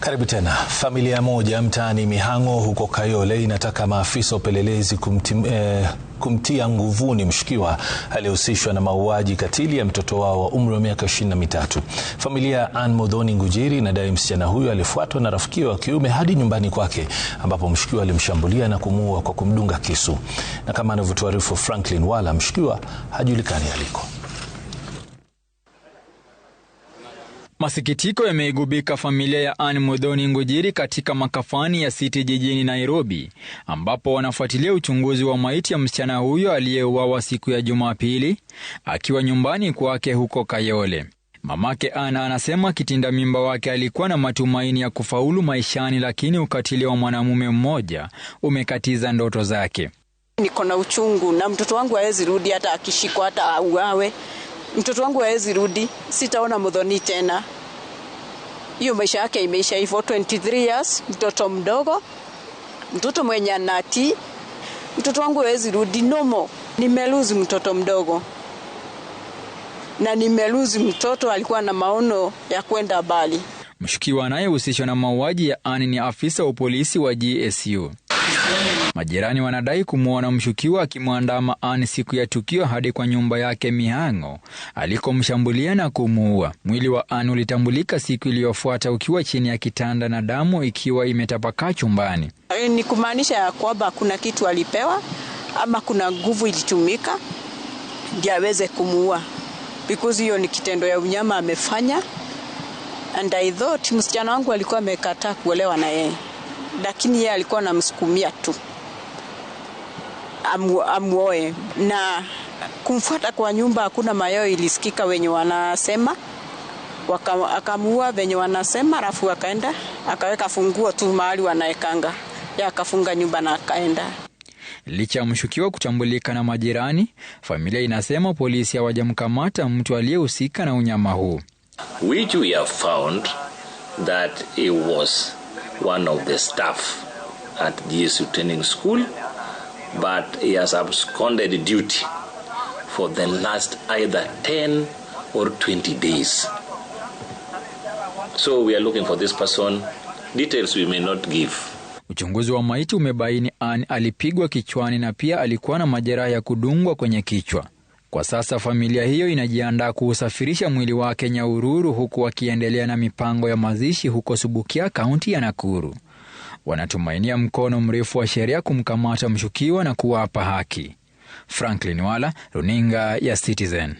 Karibu tena. Familia moja mtaani Mihang'o huko Kayole inataka maafisa wa upelelezi kumtim, eh, kumtia nguvuni mshukiwa aliyehusishwa na mauaji katili ya mtoto wao wa umri wa miaka ishirini na mitatu. Familia ya Ann Modhoni Ngujiri inadai msichana huyo alifuatwa na rafikio wa kiume hadi nyumbani kwake ambapo mshukiwa alimshambulia na kumuua kwa kumdunga kisu, na kama anavyotuarifu Franklin Wala, mshukiwa hajulikani aliko. Masikitiko yameigubika familia ya an Muthoni Ngujiri katika makafani ya City jijini Nairobi, ambapo wanafuatilia uchunguzi wa maiti ya msichana huyo aliyeuawa siku ya Jumapili akiwa nyumbani kwake huko Kayole. Mamake Ana anasema kitinda mimba wake alikuwa na matumaini ya kufaulu maishani, lakini ukatili wa mwanamume mmoja umekatiza ndoto zake. Niko na uchungu na mtoto wangu hawezi rudi, hata akishikwa, hata auawe mtoto wangu hawezi rudi, sitaona mudhoni tena. Hiyo maisha yake imeisha hivyo, 23 years, mtoto mdogo, mtoto mwenye anati, mtoto wangu hawezi rudi nomo. Nimeluzi mtoto mdogo na nimeluzi mtoto alikuwa na maono ya kwenda mbali. Mshukiwa anayehusishwa na mauaji ya Ani ni afisa wa polisi wa GSU. Majirani wanadai kumwona mshukiwa akimwandama Ann siku ya tukio hadi kwa nyumba yake Mihang'o alikomshambulia na kumuua. Mwili wa Ann ulitambulika siku iliyofuata ukiwa chini ya kitanda na damu ikiwa imetapakaa chumbani. Eh, ni kumaanisha ya kwamba kuna kitu alipewa ama kuna nguvu ilitumika ndio aweze kumuua, because hiyo ni kitendo ya unyama amefanya. And I thought msichana wangu alikuwa amekataa kuolewa na yeye, lakini yeye alikuwa anamsukumia tu amuoe na kumfuata kwa nyumba. Hakuna mayoo ilisikika wenye wanasema akamuua venye wanasema, alafu akaenda akaweka funguo tu mahali wanaekanga ya akafunga nyumba na akaenda. Licha ya mshukiwa kutambulika na majirani, familia inasema polisi hawajamkamata mtu aliyehusika na unyama huu but he has absconded duty for the last either 10 or 20 days. So we are looking for this person. Details we may not give. Uchunguzi wa maiti umebaini Ann alipigwa kichwani na pia alikuwa na majeraha ya kudungwa kwenye kichwa. Kwa sasa familia hiyo inajiandaa kuusafirisha mwili wake Nyahururu huku wakiendelea na mipango ya mazishi huko Subukia, kaunti ya Nakuru wanatumainia mkono mrefu wa sheria kumkamata mshukiwa na kuwapa haki. Franklin Wala, runinga ya Citizen.